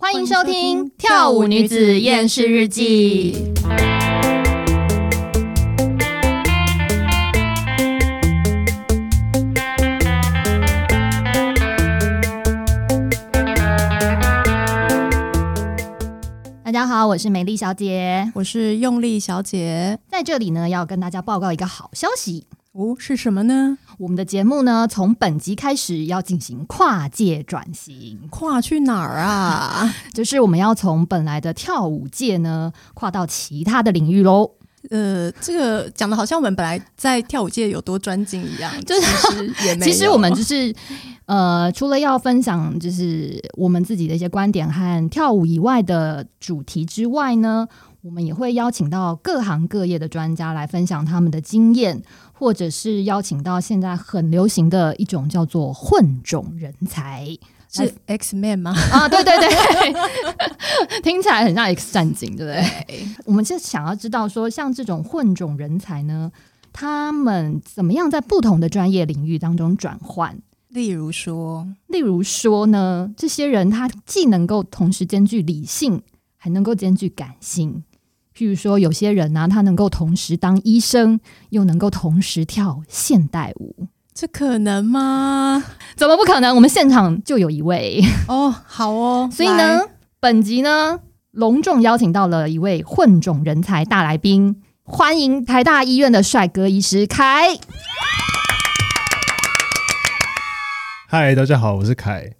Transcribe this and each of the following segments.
歡迎，歡迎收聽《跳舞女子厭世日記》。大家好，我是美麗小姐，我是用力小姐，在這裡呢，要跟大家報告一個好消息。哦，是什麼呢？我們的節目呢，從本集開始要進行跨界轉型。跨去哪兒啊？就是我們要從本來的跳舞界呢，跨到其他的領域嘍。呃，這個講的好像我們本來在跳舞界有多專精一樣，就 是其實也沒有 其實我們就是呃，除了要分享就是我們自己的一些觀點和跳舞以外的主題之外呢，我們也會邀請到各行各業的專家來分享他們的經驗。或者是邀請到現在很流行的一種叫做混種人才，是 X man 嗎？ 啊，對對對， 聽起來很像 X 戰警，對不對，對？我們就想要知道說，像這種混種人才呢，他們怎麼樣在不同的專業領域當中轉換？例如說，例如說呢，這些人他既能夠同時兼具理性，還能夠兼具感性。譬如說，有些人呢、啊，他能夠同時當醫生，又能夠同時跳現代舞，這可能嗎？怎麼不可能？我們現場就有一位哦，好哦。 所以呢，本集呢，隆重邀請到了一位混種人才大來賓，歡迎臺大醫院的帥哥醫師凱。嗨， 大家好，我是凱。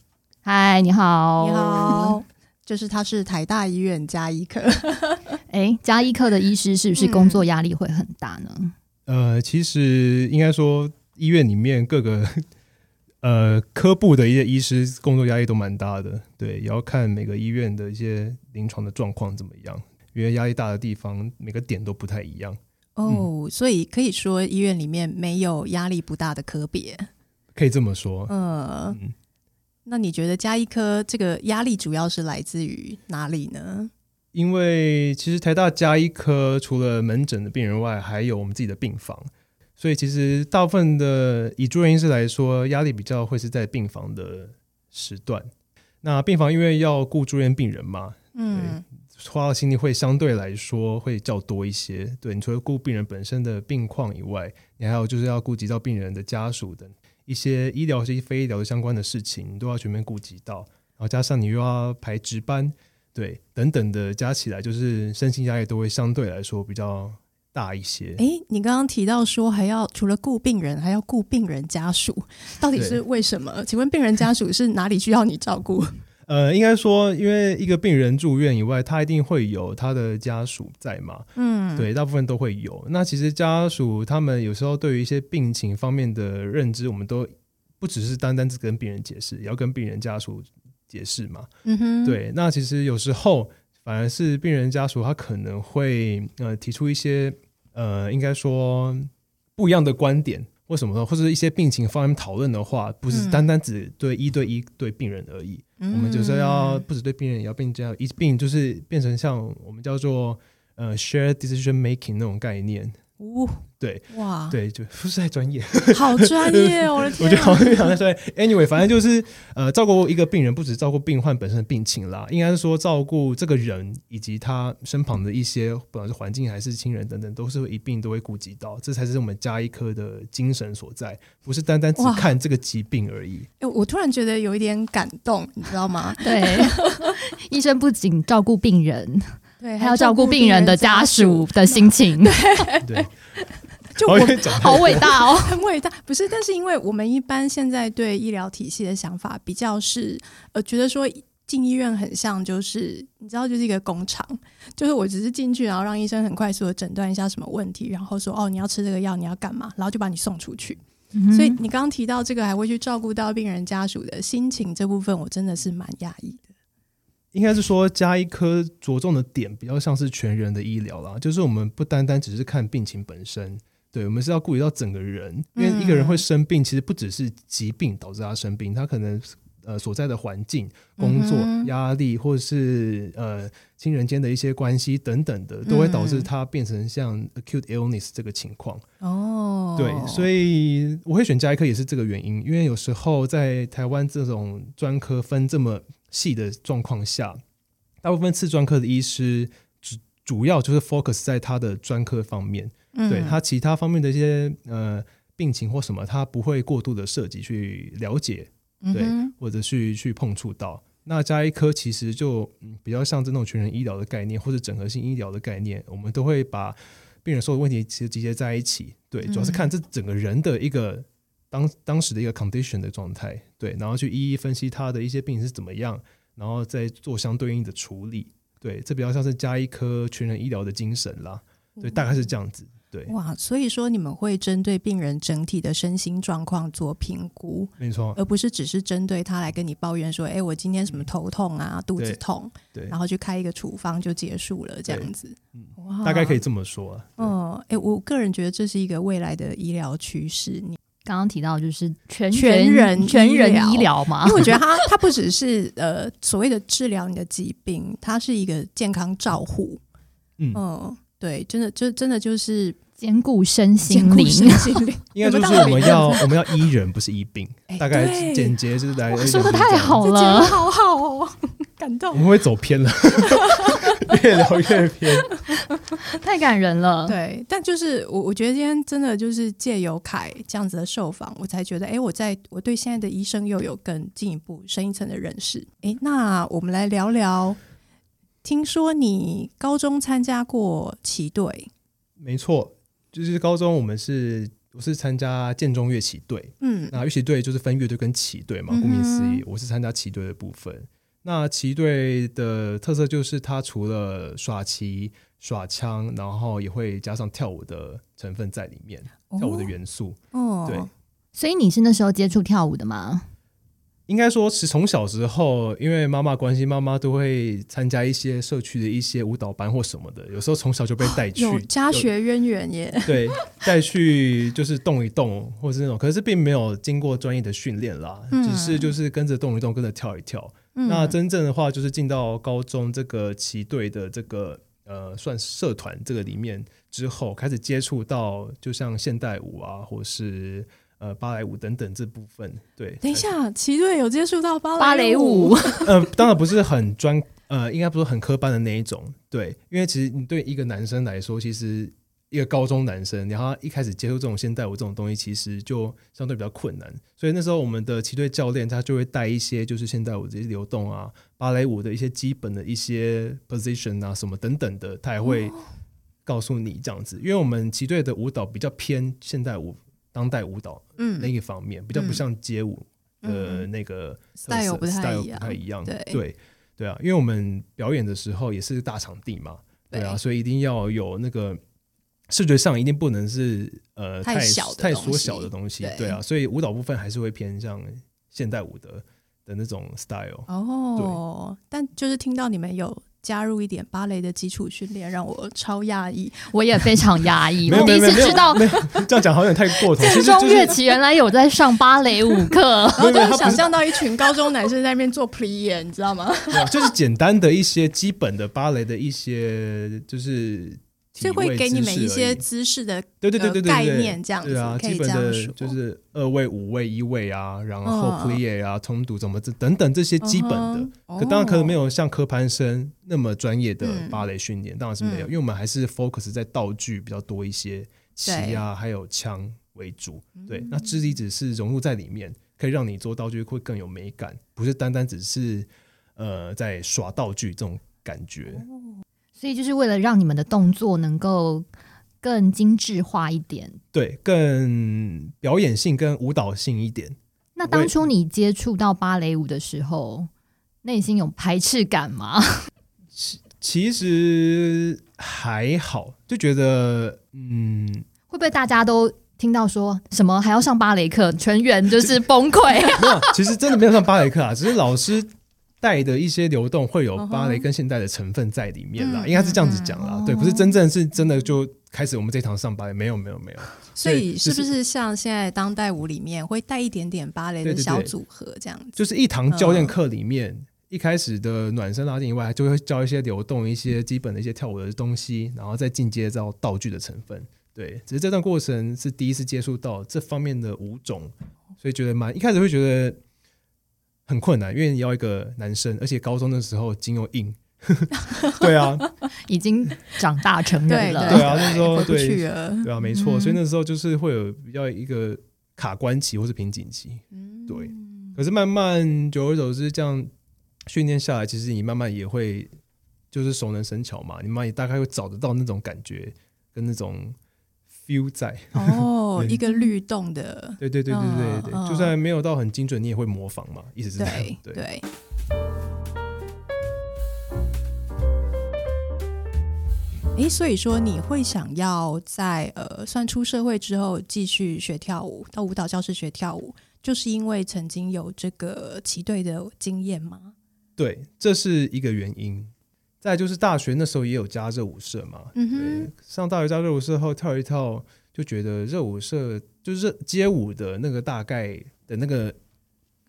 嗨，你好，你好。就是他是台大醫院家醫科。哎、 欸，家醫科的醫師是不是工作壓力會很大呢？嗯、呃，其實應該說醫院裡面各個呃科部的一些醫師工作壓力都蠻大的，對，也要看每個醫院的一些臨床的狀況怎麼樣，因為壓力大的地方每個點都不太一樣、嗯。哦，所以可以說醫院裡面沒有壓力不大的科別，可以這麼說，呃、嗯。那你覺得家醫科這個壓力主要是來自於哪裡呢？因為其實台大家醫科，除了門診的病人外，還有我們自己的病房，所以其實大部分的以住院醫師來說，壓力比較會是在病房的時段。那病房因為要顧住院病人嘛，嗯，花的心力會相對來說會較多一些。對，你除了顧病人本身的病況以外，你還有就是要顧及到病人的家屬等。一些醫療、一些非醫療的相關的事情，你都要全面顧及到，然後加上你又要排值班，對，等等的加起來，就是身心壓力都會相對來說比較大一些。誒、欸，你剛剛提到說還要除了顧病人，還要顧病人家屬，到底是為什麼？請問病人家屬是哪裡需要你照顧？ 呃，應該說，因為一個病人住院以外，他一定會有他的家屬在嘛，嗯，對，大部分都會有。那其實家屬他們有時候對於一些病情方面的認知，我們都不只是單單只跟病人解釋，也要跟病人家屬解釋嘛，嗯哼，對。那其實有時候反而是病人家屬他可能會呃提出一些呃，應該說不一樣的觀點。為什麼呢？或者一些病情方面討論的話，不是單單只對一對一對病人而已？嗯，我們就是要不止對病人，也要病這樣一病，就是變成像我們叫做呃 shared decision making 那種概念。嗚、哦，對，哇，對，就不是太專業，好專業，哦， 我的天，啊， 我覺得好厲害，所以 anyway，反正就是呃，照顧一個病人，不只照顧病患本身的病情啦，應該是說照顧這個人以及他身旁的一些不管是環境還是親人等等，都是一併都會顧及到，這才是我們家醫科的精神所在，不是單單只看這個疾病而已。誒、呃，我突然覺得有一點感動，你知道嗎？ 對， 醫生不僅照顧病人。對，還要照顧病人的家屬的心情， 對， 就我、哦、好偉大哦， 很偉大。不是，但是因為我們一般現在對醫療體系的想法比較是，呃，覺得說，進醫院很像就是，你知道，就是一個工廠，就是我只是進去，然後讓醫生很快速的診斷一下什麼問題，然後說哦，你要吃這個藥，你要幹嘛，然後就把你送出去。嗯、所以你剛剛提到這個，還會去照顧到病人家屬的心情這部分，我真的是蠻訝異應該是說，家醫科着重的點，比較像是全人的醫療啦，就是我們不單單只是看病情本身，對，我們是要顧及到整個人，因為一個人會生病，其實不只是疾病導致他生病，他可能呃所在的環境、工作壓力，或者是呃親人間的一些關係等等的，都會導致他變成像 acute illness 這個情況。哦，對，所以我會選家醫科也是這個原因，因為有時候在台灣這種專科分這麼細的狀況下，大部分次專科的醫師主主要就是 focus 在他的專科方面，嗯、對他其他方面的一些呃病情或什麼，他不會過度的涉及去了解，對、嗯、或者去去碰觸到。那家醫科其實就、嗯、比較像這種全人醫療的概念或者整合性醫療的概念，我們都會把病人所有問題其實集結在一起，對，主要是看這整個人的一個。當當時的一個 condition 的狀態，對，然後去一一分析他的一些病是怎麼樣，然後再做相對應的處理，對，這比較像是家醫科全人醫療的精神啦，對、嗯，大概是這樣子，對，哇，所以說你們會針對病人整體的身心狀況做評估，沒錯，而不是只是針對他來跟你抱怨說，哎、欸，我今天什麼頭痛啊、嗯，肚子痛，對，然後去開一個處方就結束了這樣子，嗯、哇，大概可以這麼說，哦，哎、欸，我個人覺得這是一個未來的醫療趨勢，剛剛提到就是全全人全人醫療嘛，因為我覺得它 它不只是呃所謂的治療你的疾病，它是一個健康照護。嗯、呃，對，真的就真的就是。兼顧身心靈， 應該就是我們要我們要醫人，不是醫病。 欸、大概簡潔就是來說的太好了，講的好好、喔，感動。我們會走偏了， 越聊越偏， 太感人了。對，但就是我我覺得今天真的就是借由凱這樣子的受訪，我才覺得，哎、欸，我在我對現在的醫生又有更進一步深一層的認識。哎、欸，那我們來聊聊。聽說你高中參加過騎隊？沒錯。就是高中，我們是我是參加建中樂旗隊，嗯，那樂旗隊就是分樂隊跟旗隊嘛、嗯，顧名思義，我是參加旗隊的部分。那旗隊的特色就是，它除了耍旗、耍槍，然後也會加上跳舞的成分在裡面、哦，跳舞的元素。哦，對，所以你是那時候接觸跳舞的嗎？應該說是從小時候，因為媽媽關係，媽媽都會參加一些社區的一些舞蹈班或什麼的。有時候從小就被帶去，哦、家學淵源耶。對，帶去就是動一動，或是那種，可是並沒有經過專業的訓練啦，嗯、只是就是跟着動一動，跟着跳一跳。嗯、那真正的話，就是進到高中這個旗隊的這個呃算社團這個裡面之後，開始接觸到就像現代舞啊，或是。呃，芭蕾舞等等這部分，對。等一下，旗隊有接觸到芭蕾舞？舞 呃，當然不是很專，呃，應該不是很科班的那一種，對。因為其實你對一個男生來說，其實一個高中男生，然後他一開始接觸這種現代舞這種東西，其實就相對比較困難。所以那時候我們的旗隊教練他就會帶一些，就是現代舞這些流動啊，芭蕾舞的一些基本的一些 position 啊，什麼等等的，他也會告訴你這樣子。哦，因為我們旗隊的舞蹈比較偏現代舞。當代舞蹈那一方面、嗯、比較不像街舞的那個、嗯嗯、style 不太一樣，對對，對啊，因為我們表演的時候也是大場地嘛，對，對啊，所以一定要有那個視覺上一定不能是呃太，太小太縮小的東西，對，對啊，所以舞蹈部分還是會偏向現代舞的的那種 style。哦，對，但就是聽到你們有。加入一點芭蕾的基礎訓練，讓我超訝異，我也非常訝異。 我第一次知道，這樣講好像有點太過頭。高、 就是、中樂奇原來有在上芭蕾舞課，我就是想象到一群高中男生在那邊做 plié 你知道嗎、啊？就是簡單的一些 基本的芭蕾的一些，就是。就會給你們一些姿勢的對對對，對對對對概念這樣子，對啊，基本的就是二位五位一位啊，然後 plie 啊，通讀怎麼這等等這些基本的，可當然可能沒有像科班生那麼專業的芭蕾訓練，當然是沒有，因為我們還是 focus 在道具比較多一些，旗啊，還有槍為主，對，那肢體只是融入在裡面，可以讓你做道具會更有美感，不是單單只是呃在耍道具這種感覺。所以就是為了讓你們的動作能夠更精緻化一點，對，更表演性跟舞蹈性一點。那當初你接觸到芭蕾舞的時候，內心有排斥感嗎？其其實還好，就覺得嗯，會不會大家都聽到說什麼還要上芭蕾課，全員就是崩潰？沒有，其實真的沒有上芭蕾課啊， 只是老師。帶的一些流動會有芭蕾跟現代的成分在裡面啦。嗯、應該是這樣子講啦、嗯嗯，對，不是真正是真的就開始我們這一堂上芭蕾，沒有沒有沒有所以、就是，所以是不是像現在當代舞裡面會帶一點點芭蕾的小組合這樣子對對對？就是一堂教練課裡面、嗯，一開始的暖身拉筋以外，就會教一些流動、一些基本的一些跳舞的東西，然後再進階到道具的成分。對，只是這段過程是第一次接觸到這方面的舞種，所以覺得蠻一開始會覺得。很困難，因為你要一個男生，而且高中的時候筋又硬呵呵。對啊， 已經長大成人了。對，對，對，對，對啊，就是說對，對啊，沒錯，嗯。所以那時候就是會有要一個卡關期或是瓶頸期。對，嗯。可是慢慢久而久之，這樣訓練下來，其實你慢慢也會就是熟能生巧嘛，你慢慢也大概會找得到那種感覺跟那種。哦，一個律動的，對對對對對對，對，對，對、哦，就算沒有到很精準，你也會模仿嘛，哦、意思是這樣，對對。哎，所以說你會想要在呃，算出社會之後繼續學跳舞，到舞蹈教室學跳舞，就是因為曾經有這個旗隊的經驗嗎？對，這是一個原因。再，就是大學那時候也有加熱舞社嘛，嗯、對，上大學加熱舞社後跳一跳，就覺得熱舞社就是街舞的那個大概的那個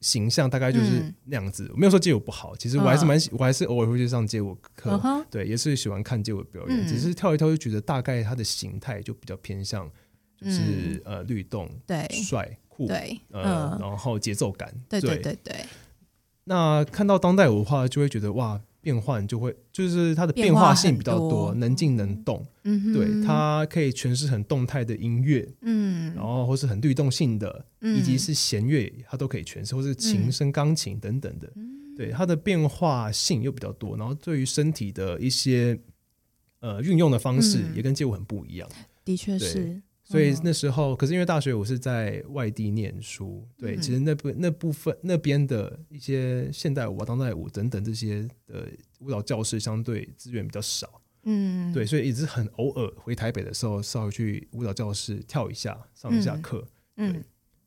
形象，大概就是那樣子。嗯、我沒有說街舞不好，其實我還是蠻、嗯、我還是偶爾會去上街舞課、嗯，對，也是喜歡看街舞表演、嗯，只是跳一跳就覺得大概它的形態就比較偏向，就是、嗯、呃律動、帥、酷對、呃，然後節奏感，對對對對。對，那看到當代舞的話，就會覺得哇。變換就會，就是它的變化性比較多，多能靜能動，嗯、對它可以詮釋很動態的音樂，嗯，然後或是很律動性的，嗯、以及是弦樂，它都可以詮釋，或是琴聲、鋼琴等等的，嗯、對它的變化性又比較多，然後對於身體的一些呃運用的方式，也跟街舞很不一樣，嗯、的確是。所以那時候，可是因為大學我是在外地念書，對，嗯、其實那部那部分那邊的一些現代舞啊、當代舞等等這些呃舞蹈教室相對資源比較少，嗯，對，所以一直很偶爾回台北的時候，稍微去舞蹈教室跳一下、上一下課、嗯，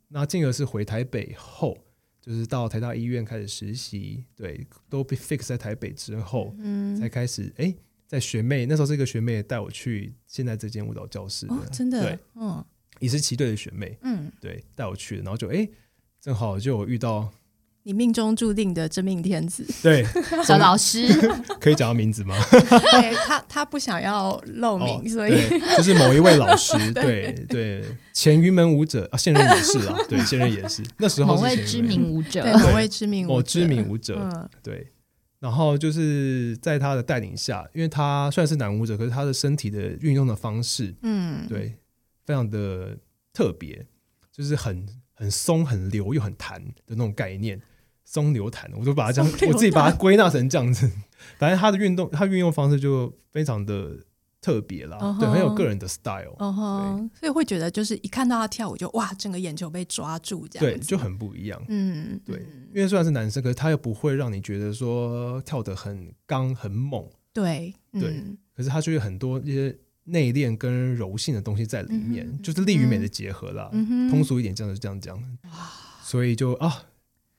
那進而是回台北後，就是到台大醫院開始實習，對，都被 fix 在台北之後，嗯，才開始哎。嗯誒在學妹，那時候是一個學妹帶我去現在這間舞蹈教室的，哦，真的，嗯，也是旗隊的學妹，嗯，對，帶我去，然後就哎、欸，正好就有遇到你命中注定的真命天子，對，的老師， 可以講到名字嗎？ 對他，他不想要露名，哦，所以就是某一位老師，對 對，對，對，前雲門舞者啊，現任也是啊，對，現任也是，那時候是位某位知名舞者，對，某位知名舞者，哦，知名舞者、嗯，對。然後就是在他的帶領下，因為他雖然是男舞者，可是他的身體的運用的方式，嗯，對，非常的特別，就是很很鬆、很流又很彈的那種概念，鬆、流、彈，我就把它這樣，我自己把它歸納成這樣子。反正他的運動，他運用方式就非常的。特別啦，uh -huh. 對，很有個人的 style、uh -huh. 所以會覺得就是一看到他跳舞就、就哇，整個眼球被抓住，這樣子對，就很不一樣，嗯，對嗯，因為雖然是男生，可是他又不會讓你覺得說跳得很剛很猛，對、嗯，對，可是他就有很多一些內斂跟柔性的東西在裡面，嗯、就是力與美的結合啦，嗯、通俗一點這樣子這樣講、嗯，所以就啊，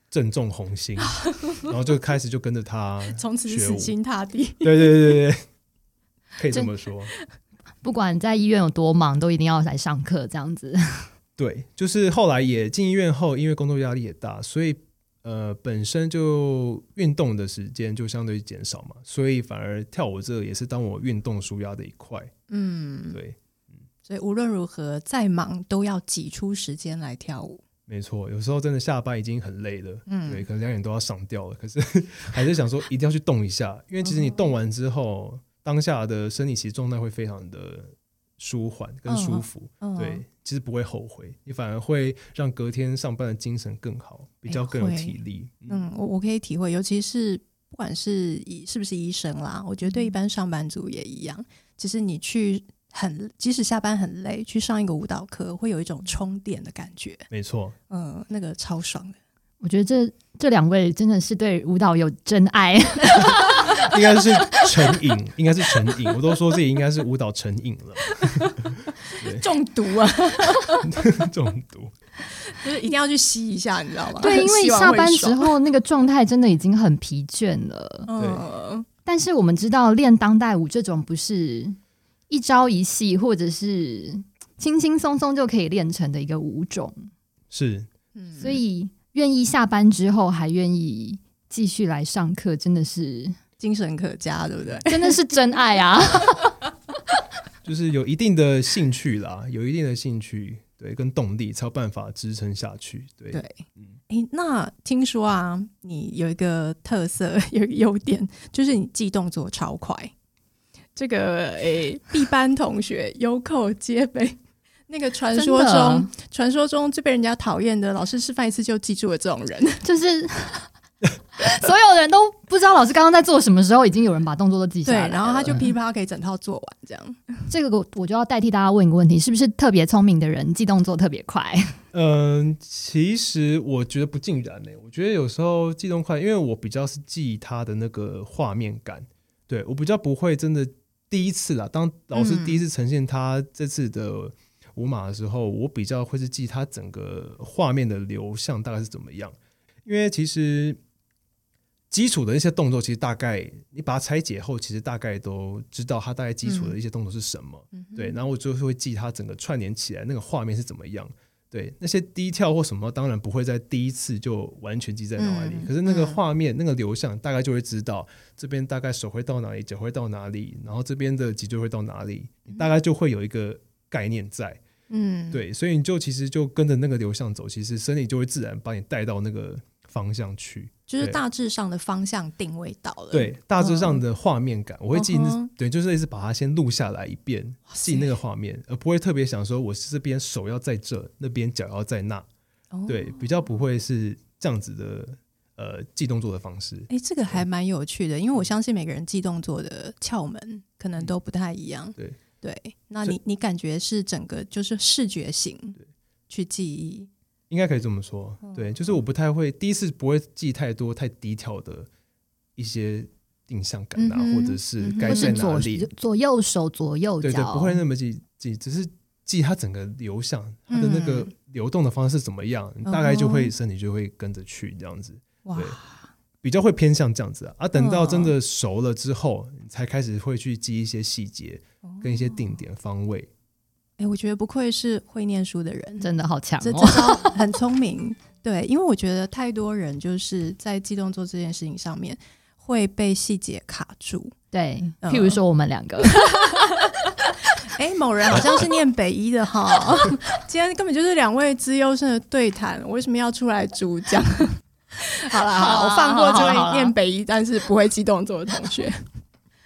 正中紅心， 然後就開始就跟着他，從此死心塌地，對對對對。可以這麼說，不管在醫院有多忙，都一定要來上課，這樣子。對，就是後來也進醫院後，因為工作壓力也大，所以呃，本身就運動的時間就相對減少嘛，所以反而跳舞這個也是當我運動舒壓的一塊。嗯，對，嗯，所以無論如何再忙，都要擠出時間來跳舞。沒錯，有時候真的下班已經很累了，嗯，對，可能兩點都要上吊了，可是還是想說一定要去動一下， 因為其實你動完之後。當下的身體其實狀態會非常的舒緩跟舒服。嗯嗯，對，其實不會後悔，你反而會讓隔天上班的精神更好，比較更有體力。哎、嗯，我我可以體會，尤其是不管是醫是不是醫生啦，我覺得對一般上班族也一樣。其實你去很即使下班很累，去上一個舞蹈課，會有一種充電的感覺。沒錯，嗯、呃，那個超爽的。我覺得這這兩位真的是對舞蹈有真愛。 應該是成癮， 應該是成癮。我都說自己應該是舞蹈成癮了， 中毒啊！ 中毒就是一定要去吸一下，你知道嗎？對，因為下班之後 那個狀態真的已經很疲倦了。嗯、對，但是我們知道練當代舞這種不是一朝一夕或者是輕輕鬆鬆就可以練成的一個舞種，是，所以願意下班之後還願意繼續來上課，真的是。精神可嘉，對不對？真的是真愛啊！ 就是有一定的興趣啦，有一定的興趣，對，跟動力，才有辦法支撐下去。對，對，嗯，欸、那聽說啊，你有一個特色，有一個優點，就是你記動作超快。這個誒，B 班同學， 有口皆碑。那個傳說中，啊、傳說中最被人家討厭的老師示範一次就記住了，這種人就是。 所有人都不知道老師剛剛在做什麼，時候已經有人把動作都記下來，然後他就噼啪，啪，啪可以整套做完，這樣。嗯、這個我我就要代替大家問一個問題：是不是特別聰明的人記動作特別快？嗯，其實我覺得不盡然呢、欸。我覺得有時候記動快，因為我比較是記他的那個畫面感，對我比較不會真的第一次啦。當老師第一次呈現他這次的舞碼的時候、嗯，我比較會是記他整個畫面的流向大概是怎麼樣，因為其實。基礎的一些動作，其實大概你把它拆解後，其實大概都知道它大概基礎的一些動作是什麼。嗯、對，然後我就是會記它整個串聯起來那個畫面是怎麼樣。對，那些低跳或什麼，當然不會在第一次就完全記在腦海裡、嗯，可是那個畫面、嗯、那個流向，大概就會知道這邊大概手會到哪裡，腳會到哪裡，然後這邊的脊椎會到哪裡，你大概就會有一個概念在。嗯，對，所以你就其實就跟着那個流向走，其實身體就會自然把你帶到那個方向去。就是大致上的方向定位到了，對，哦、大致上的畫面感，我會記，哦，對，就是一直把它先錄下來一遍，記那個畫面，而不會特別想說，我這邊手要在這，那邊腳要在那、哦，對，比較不會是這樣子的，呃，記動作的方式。哎、欸，這個還蠻有趣的，因為我相信每個人記動作的竅門可能都不太一樣，對對。那你你感覺是整個就是視覺型去記憶？應該可以這麼說，對，就是我不太會，第一次不會記太多太低調的一些定向感啊、嗯嗯，或者是該在哪裡、就是、左，左右手左右腳，對，對，對不會那麼記記，只是記它整個流向它的那個流動的方式怎麼樣，嗯、大概就會、哦、身體就會跟着去這樣子，對，比較會偏向這樣子啊。而、啊、等到真的熟了之後，哦、才開始會去記一些細節跟一些定點方位。哎，我覺得不愧是會唸書的人，真的好強哦，很聰明。 對，因為我覺得太多人就是在記動作這件事情上面會被細節卡住。對，嗯、譬如說我們兩個，哎， 某人好像是唸北一的哈，今 天、哦、根本就是兩位資優生的對談，我為什麼要出來主講？ 好啦、啊啊，我放過這位唸北一、啊啊、但是不會記動作的同學。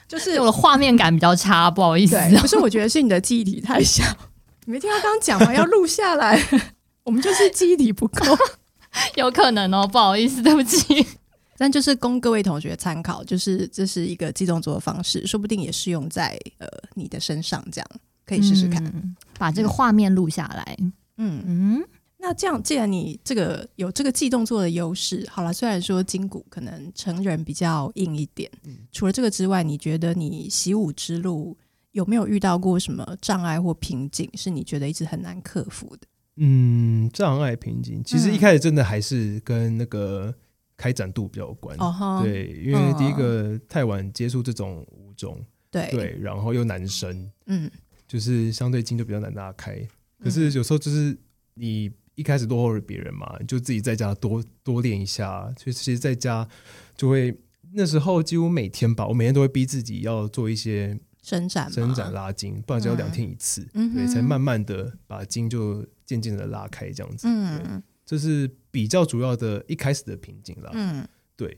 就是我的畫面感比較差，不好意思、喔。對，不是我覺得是你的記憶體太小， 你沒聽到剛講嗎？要錄下來， 我們就是記憶體不夠， 有可能哦、喔，不好意思，對不起。但就是供各位同學參考，就是這是一個記動作的方式，說不定也適用在呃你的身上，這樣可以試試看、嗯，把這個畫面錄下來。嗯嗯。那這樣，既然你這個有這個技動作的優勢，好了，雖然說筋骨可能成人比較硬一點。嗯、除了這個之外，你覺得你習武之路有沒有遇到過什麼障礙或瓶頸，是你覺得一直很難克服的？嗯，障礙瓶頸，其實一開始真的還是跟那個開展度比較有關。嗯、對，因為第一個、嗯、太晚接觸這種舞種，對，對然後又男生，嗯，就是相對筋就比較難拉開。可是有時候就是你。一開始落後於別人嘛，就自己在家多多練一下。就其實在家就會那時候幾乎每天吧，我每天都會逼自己要做一些伸展、伸展、拉筋，不然只有兩天一次、嗯嗯，對，才慢慢的把筋就漸漸的拉開這樣子。嗯對，這是比較主要的一開始的瓶頸啦。嗯，對。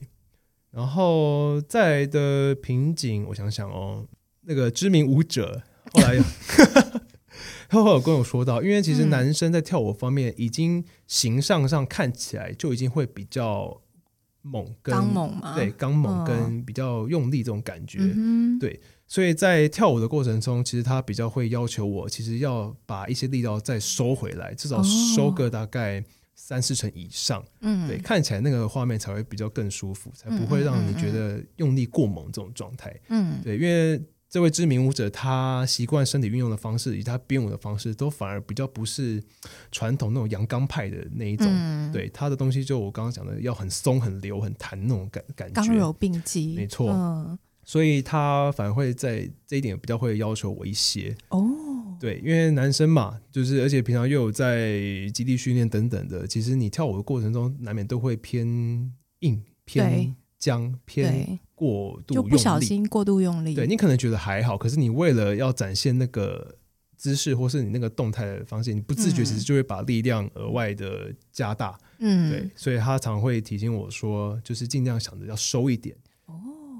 然後再來的瓶頸，我想想哦，那個知名舞者後來。 他有跟我說到，因為其實男生在跳舞方面，已經形象上看起來就已經會比較猛跟，跟猛嘛，對，剛猛跟比較用力這種感覺、嗯，對，所以在跳舞的過程中，其實他比較會要求我，其實要把一些力道再收回來，至少收個大概三、哦、三四成以上、嗯，對，看起來那個畫面才會比較更舒服，才不會讓你覺得用力過猛這種狀態，嗯、嗯、嗯，對，因為。這位知名舞者，他習慣身體運用的方式，以及他編舞的方式，都反而比較不是傳統那種陽剛派的那一種、嗯，對。對他的東西，就我剛剛講的，要很鬆、很流、很彈那種感感覺。剛柔並濟，沒錯。嗯、所以他反而會在這一點比較會要求我一些哦。對，因為男生嘛，就是而且平常又有在基地訓練等等的，其實你跳舞的過程中，難免都會偏硬、偏僵、偏。過度就不小心過度用力，對，你可能覺得還好，可是你為了要展現那個姿勢或是你那個動態的方式，你不自覺其實就會把力量額外的加大，嗯，對，所以他常會提醒我說，就是盡量想着要收一點。哦，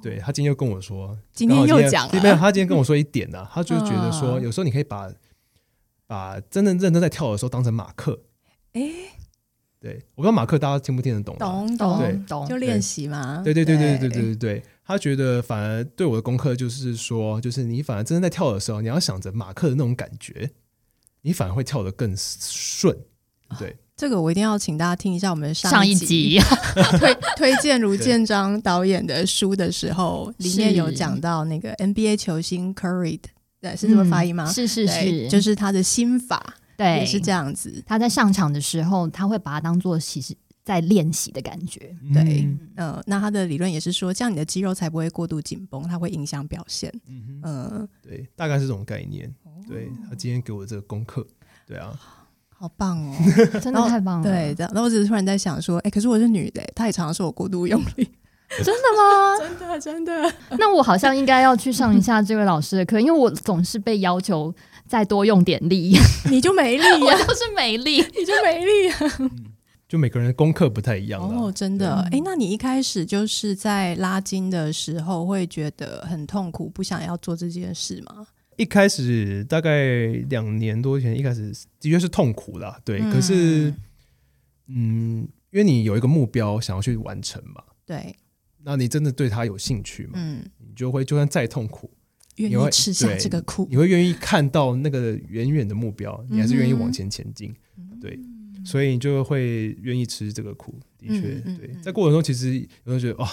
對，他今天又跟我說，今天又講，沒有，他今天跟我說一點呢、啊嗯，他就覺得說，有時候你可以把把真正認真在跳的時候當成馬克，欸對，我不知道馬克大家聽不聽得懂，懂懂懂，就練習嘛，對。對對對對對對對對，對，他覺得反而對我的功課就是說，就是你反而真正在跳的時候，你要想着馬克的那種感覺，你反而會跳得更順。對，啊、這個我一定要請大家聽一下我們上一集，上一集 推推薦盧建彰導演的書的時候， 裡面有講到那個 NBA 球星 Curry，對，是這麼發音嗎？嗯？是是是，就是他的心法。對，是這樣子。他在上場的時候，他會把它當做其實在練習的感覺。對，嗯，呃、那他的理論也是說，這樣你的肌肉才不會過度緊繃，它會影響表現。嗯嗯、呃，對，大概是這種概念。哦、對，他今天給我這個功課。對啊，好，好棒哦， 真的太棒了。對的，然後我只是突然在想說，哎、欸，可是我是女的、欸，她也常常說我過度用力。 真的嗎？真 的，真的。真的 那我好像應該要去上一下這位老師的課，因為我總是被要求。再多用點力， 你就沒力，啊； 我就是沒力 你就沒力，啊。就每個人的功課不太一樣，啊，哦，真的。哎、欸，那你一開始就是在拉筋的時候會覺得很痛苦，不想要做這件事嗎？一開始大概兩年多前，一開始的確是痛苦啦，啊。對、嗯，可是，嗯，因為你有一個目標想要去完成嘛。對，那你真的對他有興趣嘛？嗯，你就會就算再痛苦。你會吃下這個苦，你會願意看到那個遠遠的目標，你還是願意往前前進，嗯、對，所以你就會願意吃這個苦。的確、嗯，對，在過程中，其實有時候覺得哇、哦，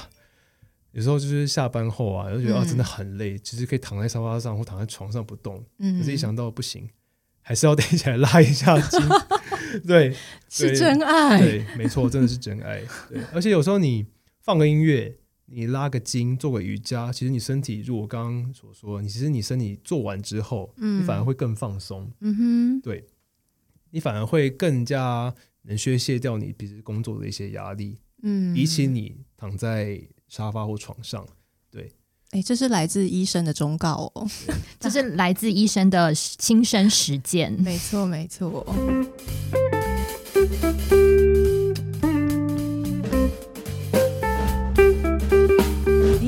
有時候就是下班後啊，有時候覺得啊，真的很累，嗯、其實可以躺在沙發上或躺在床上不動，嗯、可是一想到不行，還是要站起來拉一下筋 對，對，是真愛，對，沒錯，真的是真愛。 而且有時候你放個音樂。你拉個筋，做個瑜伽，其實你身體，如我剛剛所說，你其實你身體做完之後，嗯，你反而會更放鬆，嗯哼，對，你反而會更加能宣洩掉你平時工作的一些壓力，嗯，比起你躺在沙發或床上，對，哎，這是來自醫生的忠告哦， 這是來自醫生的親身實踐，沒錯，沒錯。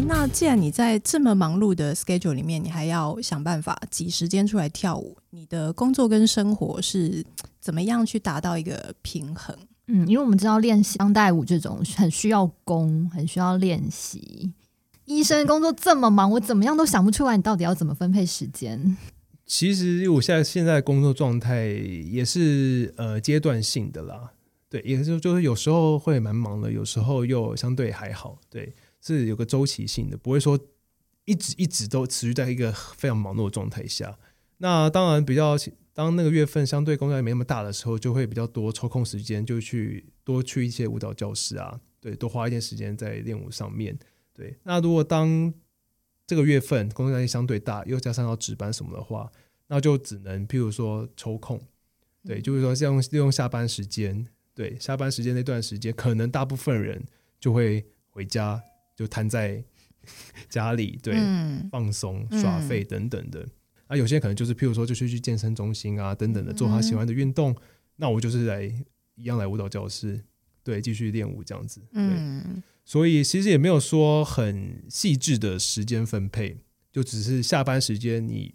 那既然你在這麼忙碌的 schedule 裡面，你還要想辦法擠時間出來跳舞，你的工作跟生活是怎麼樣去達到一個平衡？嗯，因為我們知道練習當代舞這種很需要功，很需要練習。醫生工作這麼忙， 我怎麼樣都想不出來，你到底要怎麼分配時間？其實我現在現在工作狀態也是呃階段性的啦，對，也是就是就是有時候會蠻忙的，有時候又相對還好，對。是有個週期性的，不會說一直一直都持續在一個非常忙碌的狀態下。那當然比較當那個月份相對工作量沒那麼大的時候，就會比較多抽空時間就去多去一些舞蹈教室啊，對，多花一點時間在練舞上面。對，那如果當這個月份工作量相對大，又加上要值班什麼的話，那就只能譬如說抽空，對，就是說像利用下班時間，對，下班時間那段時間，可能大部分人就會回家。就癱在家裡，對、嗯、放鬆耍廢等等的，嗯。啊，有些人可能就是，譬如說，就去去健身中心啊，等等的，做他喜歡的運動，嗯。那我就是來一樣來舞蹈教室，對，繼續練舞這樣子，對。嗯，所以其實也沒有說很細緻的時間分配，就只是下班時間，你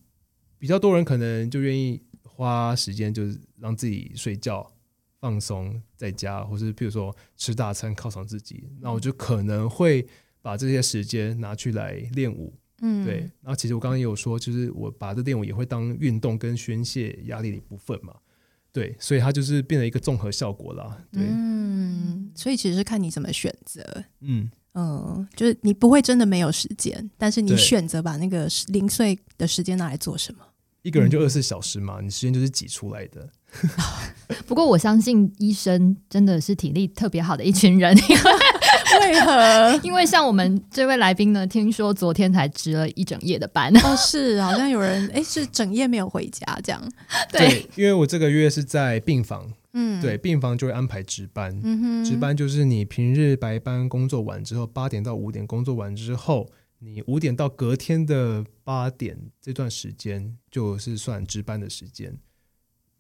比較多人可能就願意花時間，就是讓自己睡覺放鬆在家，或是譬如說吃大餐犒賞自己。那我就可能會。把這些時間拿去來練舞，嗯，對。然、啊、後其實我剛剛也有說，就是我把這練舞也會當運動跟宣泄壓力的一部分嘛，對。所以它就是變成一個綜合效果啦，對。嗯，所以其實是看你怎麼選擇，嗯嗯、呃，就是你不會真的沒有時間，但是你選擇把那個零碎的時間拿來做什麼？一個人就二十四小時嘛，嗯、你時間就是擠出來的。 不過我相信醫生真的是體力特別好的一群人。 為何？因為像我們這位來賓呢，聽說昨天才值了一整夜的班哦，是好像有人哎，是整夜沒有回家這樣，對。對，因為我這個月是在病房，嗯，對，病房就會安排值班，嗯哼，值班就是你平日白班工作完之後，八點到五點工作完之後，你五點到隔天的八點這段時間，就是算值班的時間。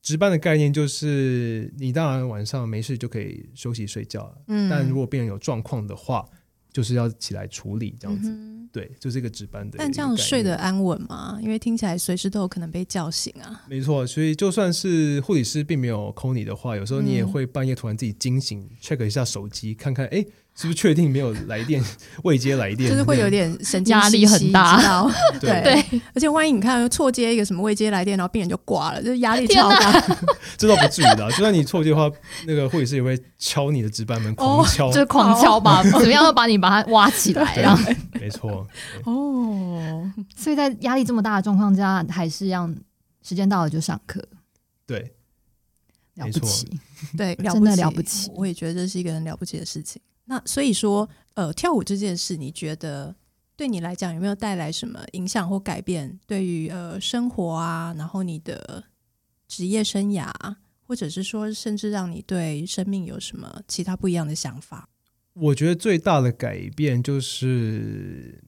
值班的概念就是，你當然晚上沒事就可以休息睡覺了。嗯，但如果病人有狀況的話，就是要起來處理這樣子。嗯、對，就是一個值班的。但這樣睡得安穩嗎？因為聽起來隨時都有可能被叫醒啊。沒錯，所以就算是護理師並沒有 call 你的話，有時候你也會半夜突然自己驚醒、嗯、，check 一下手機看看，哎、欸。是不是確定沒有來電未接來電？就是會有點神經壓力很大，對對，對。而且萬一你看錯接一個什麼未接來電，然後病人就掛了，就是壓力超大。 這倒不至於啦，啊， 就算你錯接的話，那個護士也會敲你的值班門，哦，狂敲，就狂敲吧，哦，怎麼樣會把你把它挖起來這樣，沒錯。哦，所以在壓力這麼大的狀況之下，還是要時間到了就上課。對，了不起，對，真的了不起。我也覺得這是一個很了不起的事情。那所以說，呃，跳舞這件事，你覺得對你來講有沒有帶來什麼影響或改變？對於呃生活啊，然後你的職業生涯，或者是說，甚至讓你對生命有什麼其他不一樣的想法？我覺得最大的改變就是，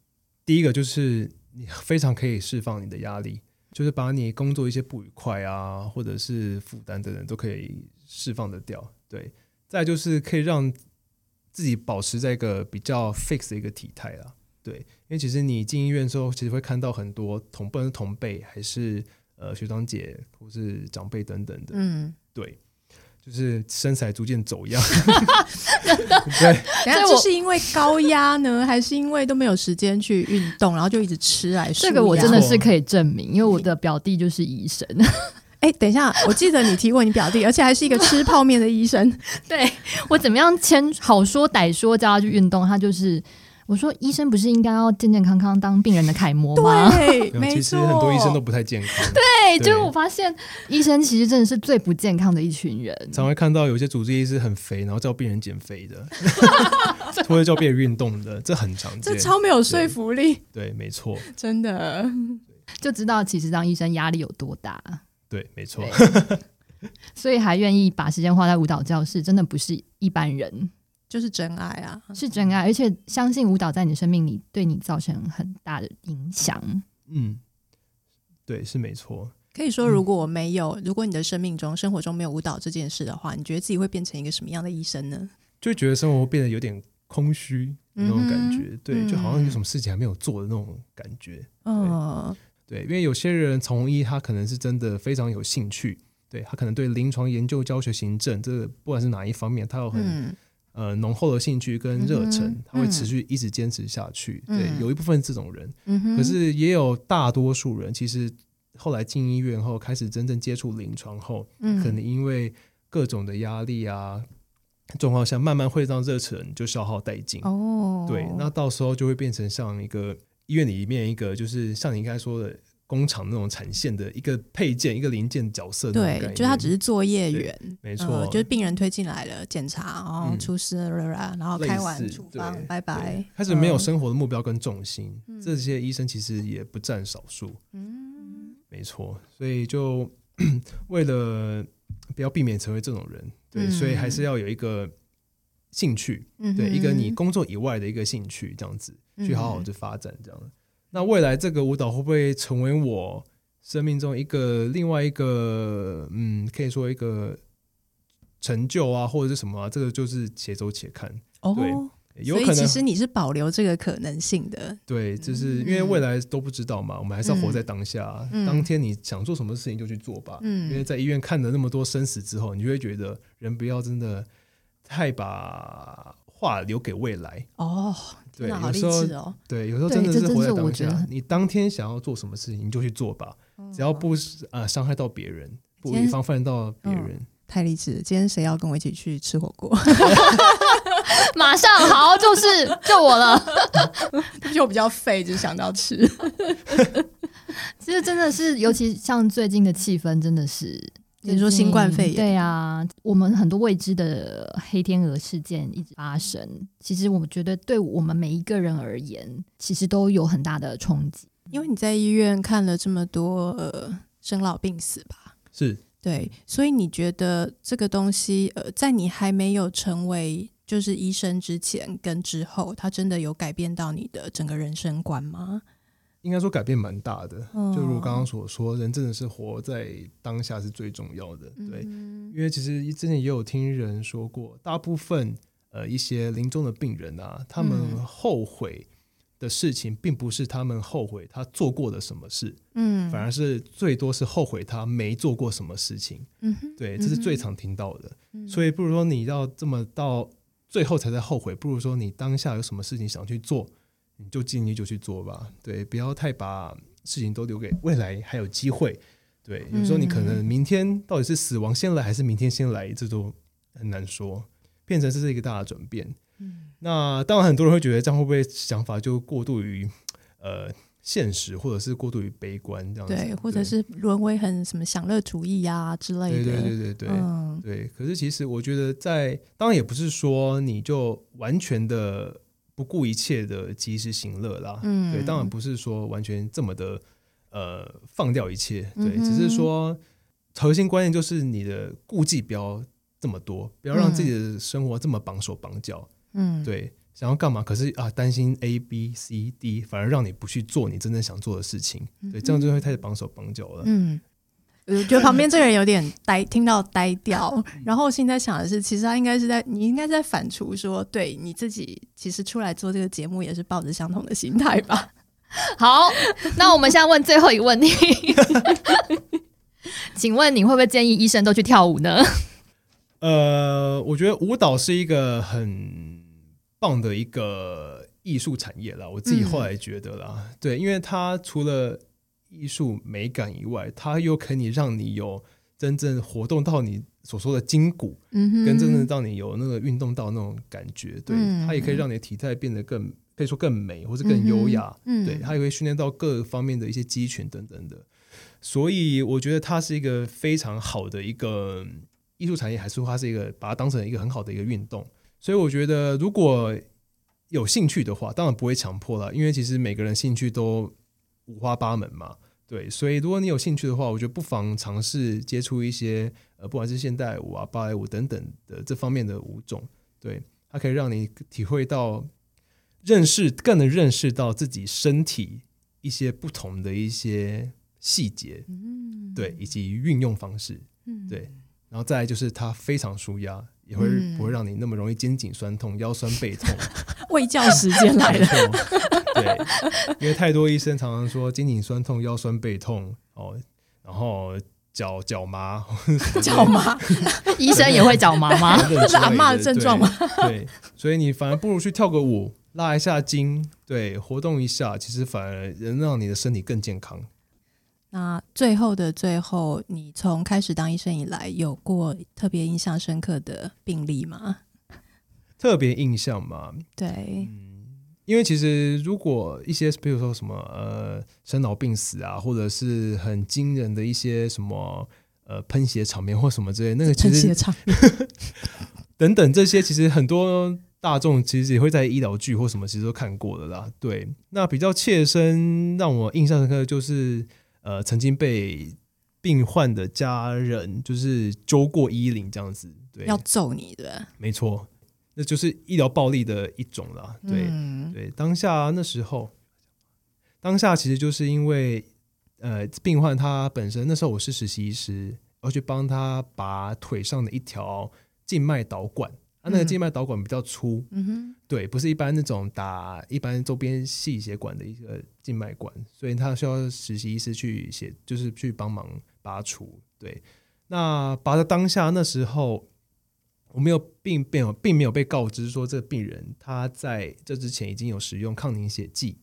第一個就是你非常可以釋放你的壓力，就是把你工作一些不愉快啊，或者是負擔的人都可以釋放得掉。對，再就是可以讓。自己保持在一個比較 fix 的一個體態啦，對，因為其實你進醫院之後，其實會看到很多同伴，不能同輩還是呃學長姐或是長輩等等的，嗯，對，就是身材逐漸走樣。 對，然後這是因為高壓呢，還是因為都沒有時間去運動，然後就一直吃來？這個我真的是可以證明，哦，因為我的表弟就是醫生。 哎、欸，等一下，我記得你提過你表弟， 而且還是一個吃泡面的醫生。對 我怎麼樣？先好說歹說叫他去運動，他就是我說醫生不是應該要健健康康當病人的楷模嗎？對， 沒錯，其實很多醫生都不太健康。對，對就是我發現醫生其實真的是最不健康的一群人。 常會看到有些主治醫師很肥，然後叫病人減肥的， 或者叫病人運動的，這很常見， 這超沒有說服力。對，對沒錯，真的就知道其實當醫生壓力有多大。對，沒錯， 所以還願意把時間花在舞蹈教室，真的不是一般人，就是真愛啊，是真愛。而且相信舞蹈在你的生命裡對你造成很大的影響。嗯，對，是沒錯。可以說，如果我沒有、嗯，如果你的生命中、生活中沒有舞蹈這件事的話，你覺得自己會變成一個什麼樣的醫生呢？就覺得生活變得有點空虛那種感覺，嗯、對、嗯，就好像有什麼事情還沒有做的那種感覺，嗯。對，因為有些人從醫，他可能是真的非常有興趣，對他可能對臨床研究、教學、行政，這個、不管是哪一方面，他有很、嗯、呃濃厚的興趣跟熱忱、嗯嗯，他會持續一直堅持下去。嗯、對，有一部分是這種人、嗯，可是也有大多數人、嗯，其實後來進醫院後，開始真正接觸臨床後，嗯，可能因為各種的壓力啊，狀況下，慢慢會讓熱忱就消耗殆盡。哦，對，那到時候就會變成像一個。醫院裡面一個就是像你剛才說的工廠那種產線的一個配件、一個零件的角色，對，就他只是作業員，沒錯、呃，就是病人推進來了檢查，然後出事了、嗯，然後開完處方，拜拜。他是沒有生活的目標跟重心，呃、這些醫生其實也不佔少數，嗯，沒錯，所以就 為了不要避免成為這種人，對，嗯、對，所以還是要有一個。興趣，嗯、對一個你工作以外的一個興趣，這樣子、嗯、去好好的發展，這樣子。那未來這個舞蹈會不會成為我生命中一個另外一個，嗯，可以說一個成就啊，或者是什麼啊？這個就是且走且看。哦、對，有可能。所以其實你是保留這個可能性的。對，就是因為未來都不知道嘛，我們還是要活在當下、嗯。當天你想做什麼事情就去做吧。嗯，因為在醫院看了那麼多生死之後，你就會覺得人不要真的。太把話留給未來哦，對，有時候那好理智哦，對，有時候真的是活在當下。你當天想要做什麼事情，你就去做吧，嗯啊、只要不啊傷、呃、害到別人，不防犯到別人。太理智。今天誰、嗯、要跟我一起去吃火鍋？ 馬上好，就是就我了。 就比較廢，就想到吃。 其實真的是，尤其像最近的氣氛，真的是。比如說新冠肺炎，就是，對啊，我們很多未知的黑天鵝事件一直發生。其實，我覺得對我們每一個人而言，其實都有很大的衝擊。因為你在醫院看了這麼多、呃、生老病死吧？是對，所以你覺得這個東西，呃，在你還沒有成為就是醫生之前跟之後，它真的有改變到你的整個人生觀嗎？應該說改變蠻大的，oh. 就如剛剛所說，人真的是活在當下是最重要的。對，mm -hmm. 因為其實之前也有聽人說過，大部分呃一些臨終的病人啊，他們後悔的事情，並不是他們後悔他做過的什麼事，嗯、mm -hmm.，反而是最多是後悔他沒做過什麼事情。嗯哼，對，這是最常聽到的。Mm -hmm. 所以不如說你要這麼到最後才在後悔，不如說你當下有什麼事情想去做。你就盡力就去做吧，對，不要太把事情都留給未來，還有機會。對，有時候你可能明天到底是死亡先來，還是明天先來，這都很難說，變成這是一個大的轉變。嗯，那當然很多人會覺得這樣會不會想法就過度於呃現實，或者是過度於悲觀這樣子，對，或者是淪為很什麼享樂主義呀、啊之類的，對對對對對，對，嗯，對。可是其實我覺得在，在當然也不是說你就完全的。不顧一切的及時行樂啦、嗯，對，當然不是說完全這麼的，呃，放掉一切，對，嗯、只是說核心觀念就是你的顧忌不要這麼多，不要讓自己的生活這麼綁手綁腳，嗯、對，想要幹嘛，可是啊，擔心 A、B、C、D，反而讓你不去做你真正想做的事情，對，這樣就會太綁手綁腳了，嗯。嗯我就覺得旁邊這個人有點呆，聽到呆掉。然後我現在想的是，其實他應該是在，你應該在反芻說，對你自己，其實出來做這個節目也是抱着相同的心態吧。 好，那我們現在問最後一個問題， 請問你會不會建議醫生都去跳舞呢？呃，我覺得舞蹈是一個很棒的一個藝術產業啦，我自己後來覺得啦，嗯、對，因為他除了。藝術美感以外，它又可以讓你有真正活動到你所說的筋骨，嗯、跟真正讓你有那個運動到那種感覺。對，嗯、它也可以讓你的體態變得更可以說更美，或者更優雅、嗯嗯。對，它也會訓練到各方面的一些肌群等等的。所以我覺得它是一個非常好的一個藝術產業，還是說它是一個把它當成一個很好的一個運動？所以我覺得如果有興趣的話，當然不會強迫了，因為其實每個人興趣都。五花八門嘛，對，所以如果你有興趣的話，我覺得不妨嘗試接觸一些，呃，不管是現代舞啊、芭蕾舞等等的這方面的舞種，對，它可以讓你體會到、認識更能認識到自己身體一些不同的一些細節，嗯、對，以及運用方式，嗯、對，然後再就是它非常舒壓，也會、嗯、不會讓你那麼容易肩頸痠痛、腰痠背痛。 會叫時間來了，對，因為太多醫生常常說肩頸痠痛、腰酸背痛哦，然後腳腳麻，腳 麻對， 醫生也會腳麻嗎？這是阿媽的症狀嗎對？對，所以你反而不如去跳個舞，拉一下筋，對，活動一下，其實反而能讓你的身體更健康。那最後的最後，你從開始當醫生以來，有過特別印象深刻的病例嗎？特別印象嘛，對，嗯，因為其實如果一些，比如說什麼呃，生老病死啊，或者是很驚人的一些什麼呃，噴血場面或什麼之類，那個其實噴血場 等等這些，其實很多大眾其實也會在醫療劇或什麼其實都看過的啦。對，那比較切身讓我印象深刻的就是呃，曾經被病患的家人就是揪過衣領這樣子，對，要揍你的，對，沒錯。那就是醫療暴力的一種了，對、嗯、對，當下那時候，當下其實就是因為呃，病患他本身那時候我是實習醫師，我去幫他拔腿上的一條靜脈導管，他、嗯啊、那個靜脈導管比較粗，嗯哼，對，不是一般那種打一般周邊細血管的一個靜脈管，所以他需要實習醫師去寫，就是去幫忙拔除，對，那拔的當下那時候。我沒有並沒有並沒有被告知說，這個病人他在這之前已經有使用抗凝血劑，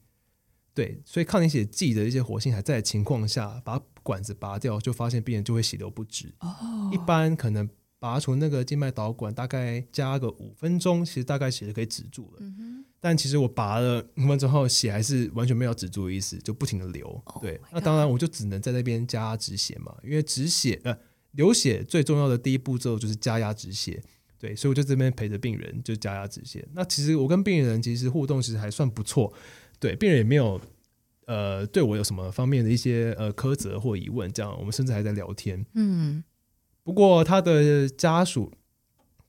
對，所以抗凝血劑的一些活性還在的情況下，把管子拔掉，就發現病人就會血流不止。Oh. 一般可能拔除那個靜脈導管大概加個五分鐘，其實大概血就可以止住了。Mm-hmm. 但其實我拔了五分鐘後，血還是完全沒有止住的意思，就不停的流。對，Oh my God. 那當然我就只能在那邊加止血嘛，因為止血呃流血最重要的第一步驟就是加壓止血。對，所以我就在這邊陪着病人，就加壓止血。那其實我跟病人其實互動其實還算不錯，對，病人也沒有呃對我有什麼方面的一些呃苛責或疑問，這樣我們甚至還在聊天。嗯，不過他的家屬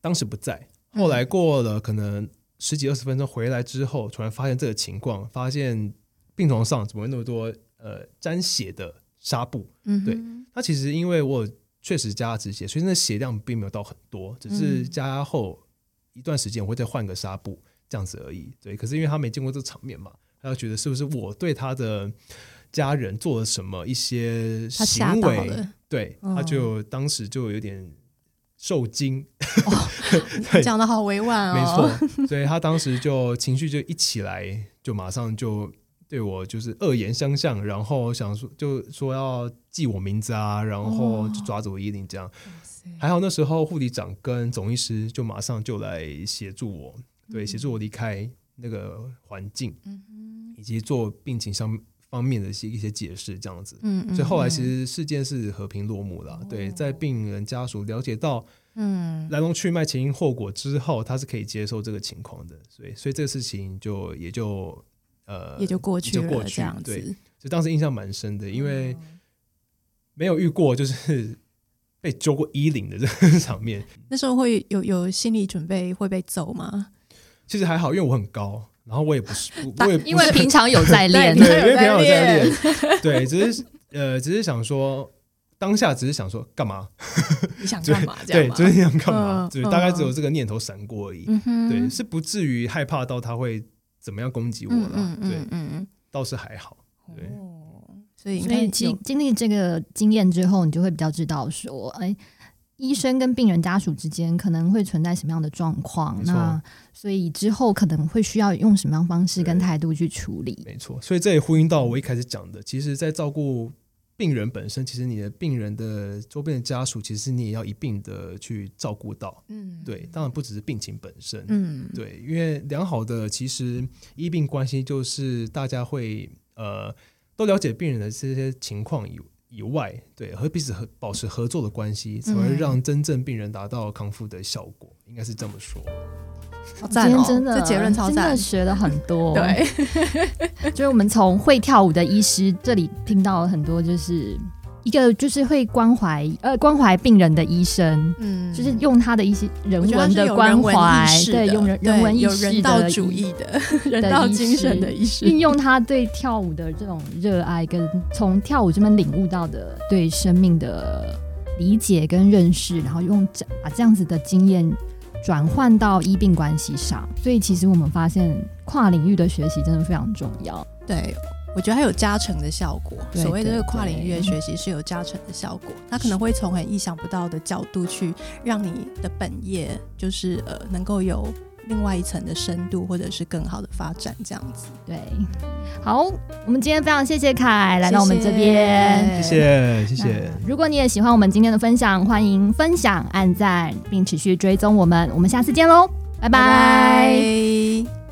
當時不在，後來過了可能十幾二十分鐘，回來之後突然、嗯、發現這個情況，發現病床上怎麼會那麼多呃沾血的紗布？嗯，對，他其實因為我。確實加了止血，所以那血量並沒有到很多，只是加後一段時間，我會再換個紗布這樣子而已。對，可是因為他沒見過這個場面嘛，他就覺得是不是我對他的家人做了什麼一些行為？對、嗯，他就當時就有點受驚。哦、 講得好委婉啊、哦、沒錯，所以他當時就情緒就一起來，就馬上就。對，我就是惡言相向，然後想說就說要記我名字啊，然後就抓着我衣領這樣。Oh, okay. 還好那時候護理長跟總醫師就馬上就來協助我，mm -hmm. 對，協助我離開那個環境，mm -hmm. 以及做病情上方面的一些一些解釋這樣子。Mm -hmm. 所以後來其實事件是和平落幕了。Mm -hmm. 對，在病人家屬了解到嗯來龍去脈、前因後果之後，mm -hmm. 他是可以接受這個情況的。所以，所以這個事情就也就。呃，也就過去了，過去這樣子。就當時印象蠻深的，因為沒有遇過就是被揪過衣領的這個場面。那時候會有有心理準備會被揍嗎？其實還好，因為我很高，然後我也不是我，我也不是因為平常有在， 有在練，對，因為平常有在練。 對，只是呃，只是想說，當下只是想說幹嘛？你想幹嘛？ 這樣。對，就是想幹嘛？嗯、對、嗯，大概只有這個念頭閃過而已。嗯、對，是不至於害怕到他會怎麼樣攻擊我了？對，嗯嗯嗯，嗯，倒是還好。對，哦、所以所以經經歷這個經驗之後，你就會比較知道說，哎、欸，醫生跟病人家屬之間可能會存在什麼樣的狀況。嗯、那、嗯、所以之後可能會需要用什麼樣方式跟態度去處理。沒錯，所以這也呼應到我一開始講的，其實，在照顧。病人本身，其實你的病人的周邊的家屬，其實你也要一併的去照顧到。嗯，對，當然不只是病情本身。嗯，對，因為良好的其實醫病關係就是大家會呃都了解病人的這些情況以以外，對，和彼此和保持合作的關係，才會讓真正病人達到康復的效果，應該是這麼說。好讚哦，今天真的這結論超讚，真的學了很多。對， 就是我們從會跳舞的醫師這裡聽到了很多，就是一個就是會關懷呃關懷病人的醫生，嗯，就是用他的一些人文的關懷，對，用人人文意識的對，有人道主義的，的人道精神的醫師，運用他對跳舞的這種熱愛，跟從跳舞這邊領悟到的對生命的理解跟認識，然後用這把這樣子的經驗。轉換到醫病關係上，所以其實我們發現跨領域的學習真的非常重要。對，我覺得它有加成的效果。對對對，所謂的這個跨領域的學習是有加成的效果，它可能會從很意想不到的角度去讓你的本業就是呃能夠有。另外一層的深度，或者是更好的發展，這樣子。對，好，我們今天非常謝謝凱來到我們這邊，謝謝謝謝。如果你也喜歡我們今天的分享，歡迎分享、按贊，並持續追蹤我們。我們下次見嘍，拜拜。Bye bye